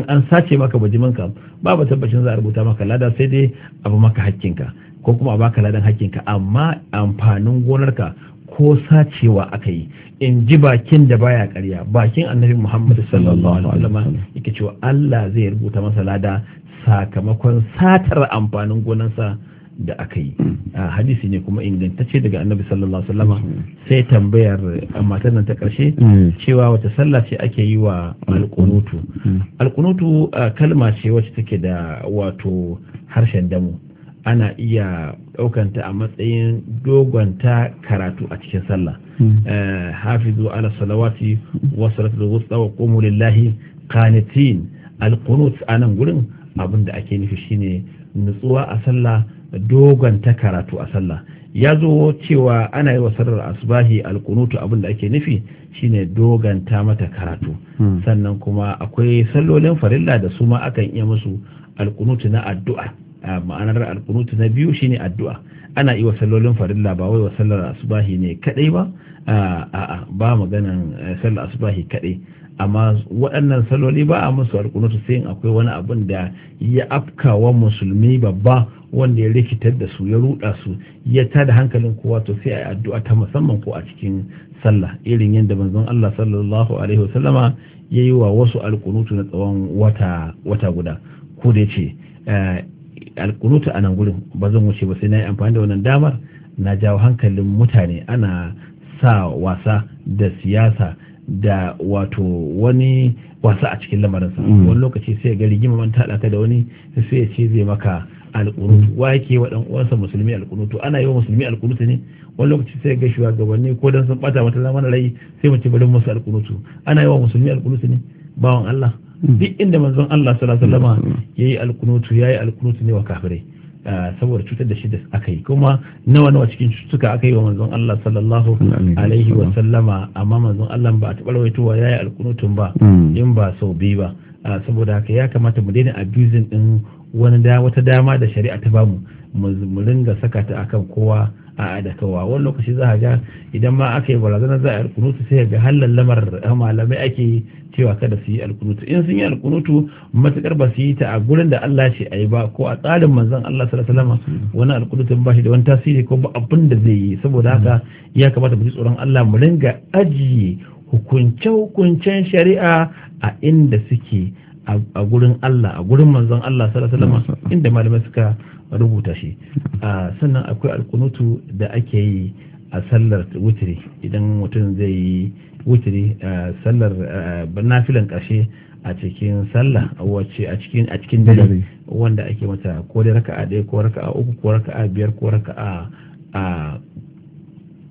Speaker 1: an sace maka bajimin ka babu tabbacin za a rubuta maka lada sai dai abu maka hakkinka ko kuma a baka ladan hakkinka amma amfanin gonarka ko sacewa aka yi in ji bakin da baya karya bakin annabi muhammad sallallahu alaihi wasallam yake cewa Allah zai rubuta masa lada sakamakon satar amfanin gonansa da aka yi hmm. ah, hadisi ne kuma ingantacce daga annabi sallallahu alaihi wasallam sai tambayar ah, matar nan ta karshe hmm. cewa wata sallah ce ake yi wa alkunutu hmm. alkunutu ah, kalma ce wacce take da wato harshen damu ana iya ɗaukanta a matsayin dogonta karatu a cikin sallah hmm. eh, hafizu ala salawati wa salatul wusta wa qumu lillahi qanitin alqunut anan gurin abin da ake nufi shine nutsuwa a sallah dogonta karatu a sallah ya zo cewa ana yi wa sarar asbahi alkunutu abin da ake nufi shine doganta mata karatu hmm. sannan kuma akwai sallolin farilla da su ma akan iya musu alkunutu na addu'a ma'anar alkunutu na biyu shine addu'a ana yi wa sallolin farilla ba wai wa sallar asubahi ne kadai ba a'a ba maganan eh, sallar asubahi kadai amma waɗannan saloli ba a musu alkunutu sai akwai wani abun da ya afka wa musulmi babba wanda ya rikitar da su ya ruɗa su ya da hankalin kowa to sai a addu'a ta musamman ko a cikin sallah irin yadda manzon Allah sallallahu alaihi wasallama ya yi wa wasu alkunutu na tsawon wata wata guda ko da ce alkunutu a nan gurin ba zan wuce ba sai na yi amfani da wannan damar na jawo hankalin mutane ana sa wasa da siyasa da wato wani wasa a cikin lamarinsa mm. wani lokaci sai ga rigima man taɗa ka da wani sai ya ce zai maka alkunutu mm. wa yake wa ɗan uwansa musulmi alkunutu ana yi wa musulmi alkunutu ne wani lokaci sai ga shugabanni ko dan sun bata mata zamanin rai sai mu ci bari musu alkunutu ana yi wa musulmi alkunutu ne bawan Allah duk inda manzon Allah sallallahu alaihi wasallam yayi alkunutu yayi alkunutu ne wa kafirai ah, saboda cutar da shi da aka yi kuma nawa nawa cikin cututtuka aka yi wa manzon Allah sallallahu alaihi wa amma manzon Allah ba a taɓa wa yayi alkunutun ba mm. in ba sau biyu ba ah, saboda haka ya kamata mu daina abusing din wani da wata dama da shari'a ta bamu mu ringa saka ta akan kowa a da kawa wani lokaci za a ga idan ma aka yi barazanar za a yi alkunutu sai ga hallan lamar malamai ake cewa kada su yi alkunutu in sun yi alkunutu matukar ba su yi ta a gurin da Allah ce a yi ba ko a tsarin manzan Allah sallallahu alaihi wani alkunutun ba shi da wani tasiri ko ba abin da zai yi saboda haka ya kamata mu ji tsoron Allah mu ringa ajiye hukunce-hukuncen shari'a a inda suke a gurin Allah a gurin manzon Allah sallallahu alaihi inda malamai suka rubuta shi sannan akwai alkunutu da ake yi a sallar wutiri idan mutum zai yi wutiri sallar nafilan ƙarshe a cikin sallah wacce a cikin a cikin dare wanda ake mata ko da raka'a ɗaya ko raka'a uku ko raka'a biyar ko raka'a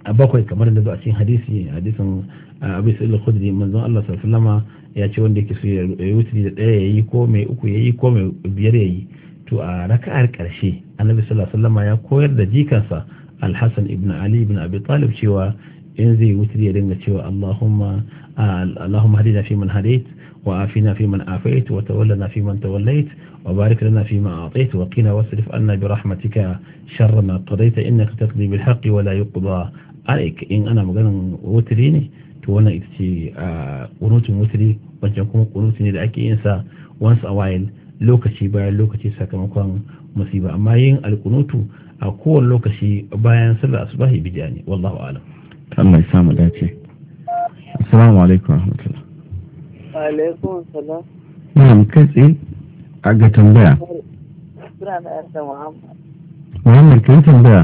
Speaker 1: a bakwai kamar da zo a cikin hadisi hadisin abu sa'il khudri manzon Allah sallallahu alaihi ya ce wanda yake so ya wutiri da ɗaya yayi ko mai uku yayi ko mai biyar yayi to a raka'ar ƙarshe annabi sallallahu alaihi wasallam ya koyar da jikansa alhassan ibn ali ibn abi talib cewa in zai wutri ya dinga cewa allahumma allahumma hadina fi man hadait wa afina fi man afait wa tawallana fi man tawallait wa barik lana fi ma atait wa qina wasrif anna bi rahmatika sharra ma qadaita innaka taqdi bil haqqi wa la yuqda alaik in ana maganan wutri ne to wannan ita ce kunutun wutri wancan kuma kunutu ne da ake yin sa once a while lokaci bayan lokaci sakamakon musiba amma yin alkunutu a kowane lokaci bayan sallar asubahi bidiya ne wallahu alam
Speaker 2: Allah ya samu dace assalamu alaikum warahmatullahi
Speaker 1: alaikum salam
Speaker 2: na'am kai tsaye a ga tambaya
Speaker 3: suna na muhammad
Speaker 2: muhammad kai tambaya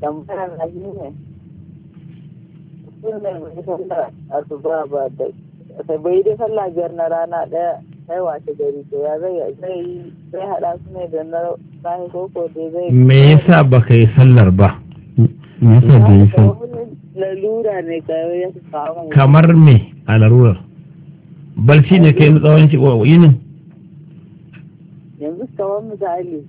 Speaker 3: tambaya na yi ne sallar asuba ba da sai da sallah biyar na rana daya sai washe gari to ya zai zai zai hada su ne da na bayan koko dai zai me yasa baka
Speaker 2: yi sallar ba me yasa bai yi sallar
Speaker 3: lalura ne kawai ya samu kamar
Speaker 1: me a larurar balci ne kai tsawon shi wa yinin
Speaker 3: yanzu kamar misali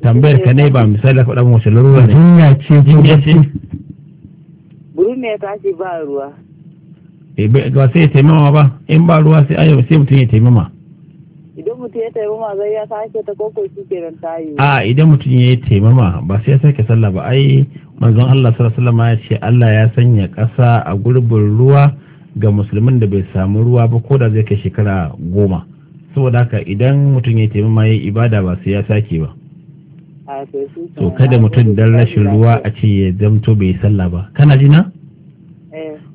Speaker 1: tambayar ka ne ba misali da faɗa wasu larurar ne jinya ce jinya ce
Speaker 3: buru ne ya tashi ba ruwa
Speaker 1: ba sai ya taimama ba in ba ruwa sai ayo sai mutum ya taimama
Speaker 3: idan mutum ya taimama zai ya sake ta koko shi kenan a
Speaker 1: idan mutum ya taimama ba sai ya sake sallah ba ai manzon Allah sallallahu alaihi wasallam ya ce Allah ya sanya ƙasa a gurbin ruwa ga musulmin da bai samu ruwa ba ko da zai kai shekara goma saboda haka idan mutum ya taimama ya yi ibada ba sai ya sake ba
Speaker 2: to kada mutum
Speaker 1: dan rashin ruwa a ce ya zamto bai sallah ba kana jina?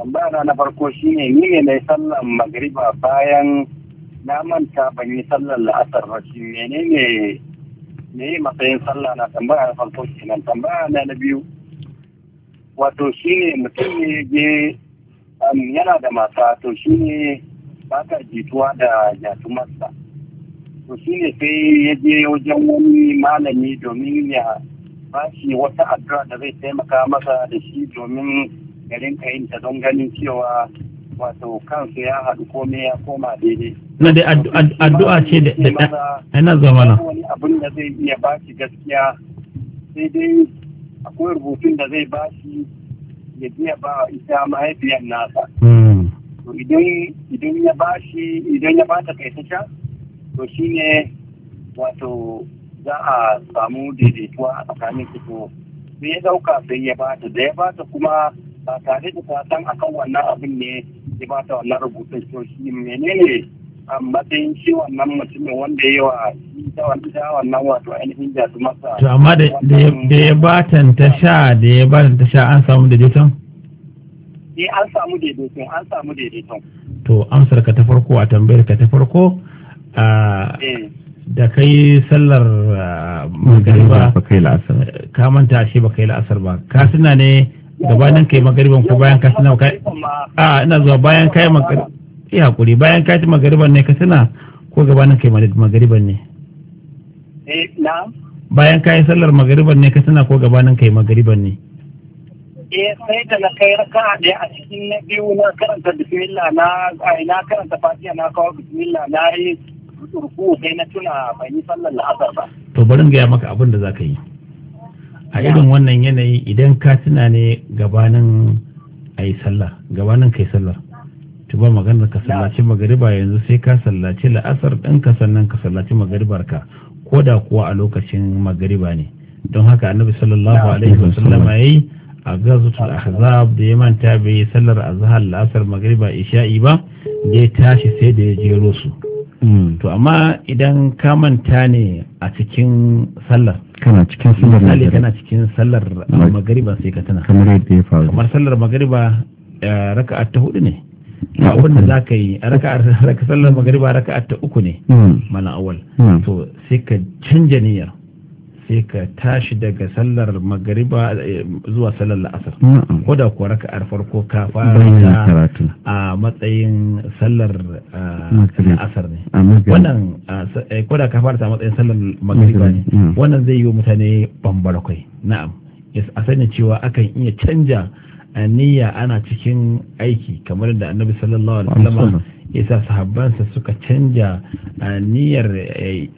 Speaker 3: tambaya na farko shine ni ne na sallan magriba bayan na manta ban yi sallan la'asar ba shi ne ne matsayin sallah na tambaya na farko nan tambaya na na biyu wato shine mutum ne je um, yana da mata to shine ba ta jituwa da jatumarsa to shine sai ya je wajen wani malami domin ya ba shi wata addu'a da zai taimaka masa da shi domin garin rinka ta don ganin cewa wato kansu ya haɗu kome ya koma daidai.
Speaker 1: Na dai addu'a ce da na zamana. Wani
Speaker 3: abin da zai iya ba shi gaskiya sai dai akwai rubutun da zai ba shi ya biya ba ita mahaifiyar nasa. Hmm. Idan ya ba shi idan ya ba ta kai to shi ne wato za a samu daidaituwa a tsakanin su to sai ya ɗauka sai ya ba ta da ya ba ta kuma ba tare da ta san kan wannan abin ne ya ba ta wannan rubutun so shi menene a matsayin shi wannan mutumin wanda ya yi wa ta wannan wato ainihin jasu masa. To amma da ya
Speaker 1: batan ta sha da ya batan ta sha an samu daidaiton?
Speaker 3: Eh an samu daidaiton an samu daidaiton.
Speaker 1: To amsar ka ta farko a tambayar ka ta farko eh. da kai sallar magariba ka manta shi ba kai la'asar ba ka suna ne gabanin kai magariban ko bayan ka tuna ka a ina zuwa bayan kai magariban ya hakuri bayan ka magariban ne ka tuna ko gabanin kai magariban ne eh, na bayan ka yi sallar magariban ne ka tuna ko gabanin kai magariban ne
Speaker 3: eh sai da na kai raka ɗaya a cikin na biyu na karanta bismillah na na karanta fatiha na kawo bismillah na yi ruku sai na tuna ban yi sallar la'asar ba
Speaker 1: to bari ga maka abin da za ka yi a irin wannan yanayi idan ka tuna ne gabanin a yi sallah gabanin kai sallah to ba maganar ka sallaci magariba yanzu sai ka sallaci la'asar ɗin ka sannan ka sallaci magaribar ka ko da kuwa a lokacin magariba ne don haka annabi sallallahu alaihi wasallam yayi a gazatul ahzab da ya manta bai yi sallar azhar la'asar magariba isha'i ba da ya tashi sai da ya jero su mm. to amma idan ka manta ne a cikin sallar
Speaker 2: kana cikin sallar misali kana
Speaker 1: cikin sallar magariba sai ka tana kamar
Speaker 2: yadda ya faru kamar
Speaker 1: sallar magariba eh, raka'a ta hudu ne
Speaker 2: ba wanda za ka
Speaker 1: yi raka'a sallar magariba raka'a ta uku ne hmm. mana awal hmm. to sai ka canja niyyar sai ka tashi daga sallar magariba eh, zuwa sallar la'asar ko da kuwa raka farko ka fara a matsayin sallar
Speaker 2: ah, la'asar ne wannan
Speaker 1: ah, eh, ko da ka fara a matsayin sallar magariba ne wannan zai yi wa mutane bambara na'am a sani cewa akan iya canja eh, niyya ana cikin aiki kamar da annabi sallallahu alaihi wasallam ya sa sahabbansa suka canja niyyar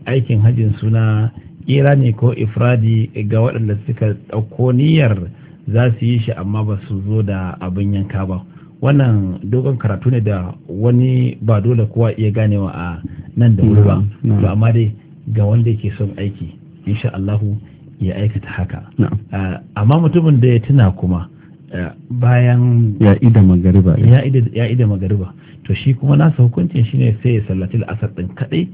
Speaker 1: aikin hajjin suna kira ne ko ifradi ga waɗanda suka ɗauko niyyar za su yi shi amma ba su zo da abin yanka ba wannan dogon karatu ne da wani ba dole kowa iya ganewa a nan da wuri ba to amma dai ga wanda yake son aiki insha Allahu ya aikata haka ah, amma mutumin da ya tuna kuma eh, bayan ya
Speaker 2: ida magariba
Speaker 1: ya magariba to shi kuma nasa hukuncin shine sai ya sallaci al'asar din kadai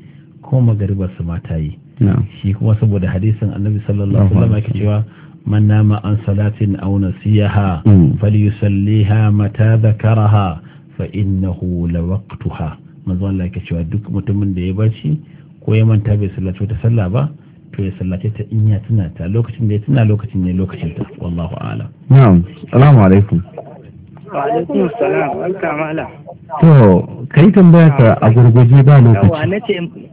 Speaker 1: ko magaribar su mata yi shi kuma saboda hadisin annabi sallallahu alaihi wasallam yake cewa man nama an salatin aw nasiyaha mm. falyusalliha mata dhakaraha fa innahu lawaqtuha manzo Allah yake cewa duk mutumin da ya barci ko ya manta bai sallaci ta sallah ba to ya sallace ta in ya tuna ta lokacin da ya tuna lokacin ne lokacin ta wallahu a'lam
Speaker 2: na'am assalamu alaikum
Speaker 3: wa alaikum assalam wa rahmatullah To,
Speaker 2: kai tambaya ka a gurguje ba lokaci.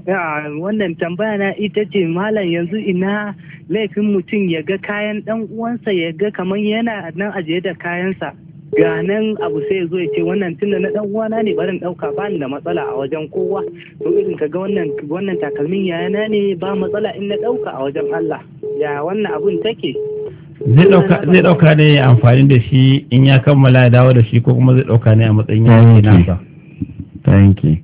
Speaker 3: Yawa na wannan tambaya na ita ce malam yanzu ina laifin mutum ya ga kayan ɗan uwansa ya ga kamar yana nan ajiye da kayansa. ga nan abu sai zo ya ce wannan da na dan uwana ne barin dauka ba ni da matsala a wajen kowa to irin ka ga wannan wannan takalmin yayana ne ba matsala in na ɗauka a wajen Allah ya wannan abun take
Speaker 1: zai dauka ne ya amfani da shi in ya kammala ya dawo da shi ko kuma zai dauka ne a matsayin yanki nasa
Speaker 2: ta yanke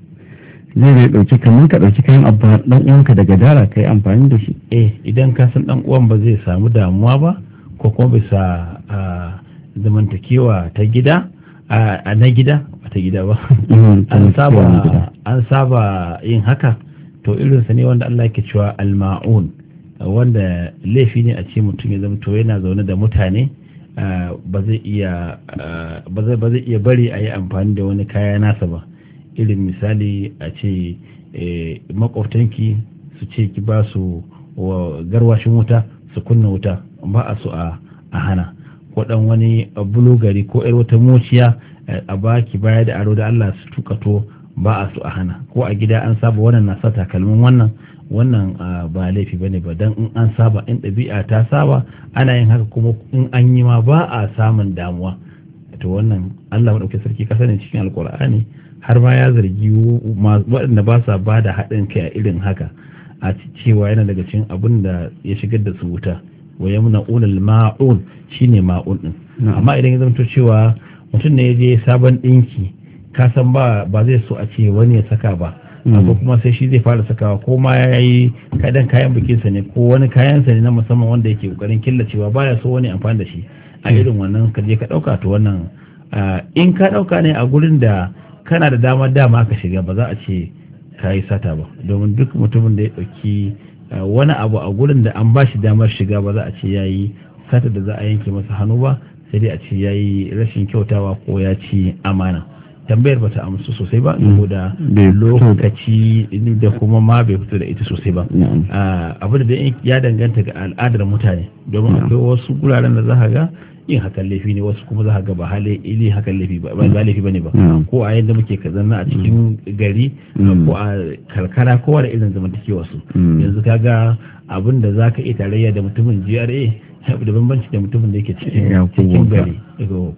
Speaker 2: zai zai dauki kamar ka dauki kayan abba dan uwanka daga dara ka yi amfani da shi
Speaker 1: eh idan ka san dan uwan ba zai samu damuwa ba ko kuma bisa zamantakewa ta gida a na gida ba ta gida ba mm, an saba yin haka to irinsa ne wanda Allah ke cewa al-ma'un wanda laifi ne a ce mutum ya zama to yana zaune da mutane ba zai iya bari a yi amfani da wani kaya nasa ba irin misali a ce e, makwabtanki su ce ki ba su garwashin wuta su kunna wuta ba a su a hana waɗan wani bulogari ko yar wata mociya e, a baki baya da aro da Allah su tukato ba a su a hana ko a gida an saba wannan na sa takalmin wannan wannan ba laifi bane ba dan in an saba in ɗabi'a ta saba ana yin haka kuma in an yi ma ba a samun damuwa to wannan Allah madaukakin sarki kasa ne cikin alkur'ani har ma ya zargi waɗanda ba sa ba da haɗin kai a irin haka a cewa yana daga cikin abin da ya shigar da su wuta wa yamna ulul ma'un shine ma'un din amma idan ya zanto cewa mutum ne ya je sabon dinki ka san ba zai so a ce wani ya saka ba amma kuma sai shi zai fara sakawa ko ma ya yi kadan kayan bikinsa ne ko wani kayansa ne na musamman wanda yake kokarin killacewa baya so wani amfani da shi a hmm. irin wannan ka je ka ɗauka to wannan ah, in ka ɗauka ne a gurin da kana da dama dama ka shiga ba za a ce ka yi sata ba domin duk mutumin da ya ɗauki ah, wani abu a gurin da an ba shi damar shiga ba za a ce ya yi sata da za a yanke masa hannu ba sai dai a ce ya yi rashin kyautawa ko ya ci amana tambayar bata ta amsu sosai ba mm. saboda lokaci da kuma ma bai fito da ita sosai ba ah, abu da ya danganta ga al'adar mutane domin akwai wasu guraren da za ka ga yin hakan laifi ne wasu kuma za ga ba hali ili hakan laifi ba ba laifi bane ba ko a yadda muke kazanna a cikin mm. gari mm. ko a karkara kowa da irin zamantakewa su yanzu kaga abin da zaka iya tarayya da mutumin GRA saboda bambanci da mutumin da yake cikin gari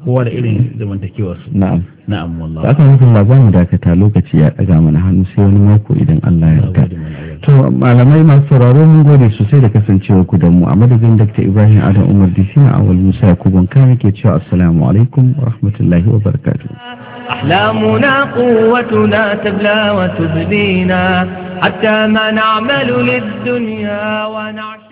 Speaker 1: kowa da irin zamantakewar su na'am na'am wallahi haka
Speaker 2: mutum ba mu dakata lokaci ya daga mana hannu sai wani mako idan Allah ya yarda to malamai masu sauraro mun gode sosai da kasancewa ku da mu a madadin Dr. Ibrahim Adam Umar Disina a awal Musa Yakubun kan yake cewa assalamu alaikum wa rahmatullahi wa barakatuh
Speaker 3: أحلامنا قوتنا تبلى حتى ما نعمل للدنيا ونعش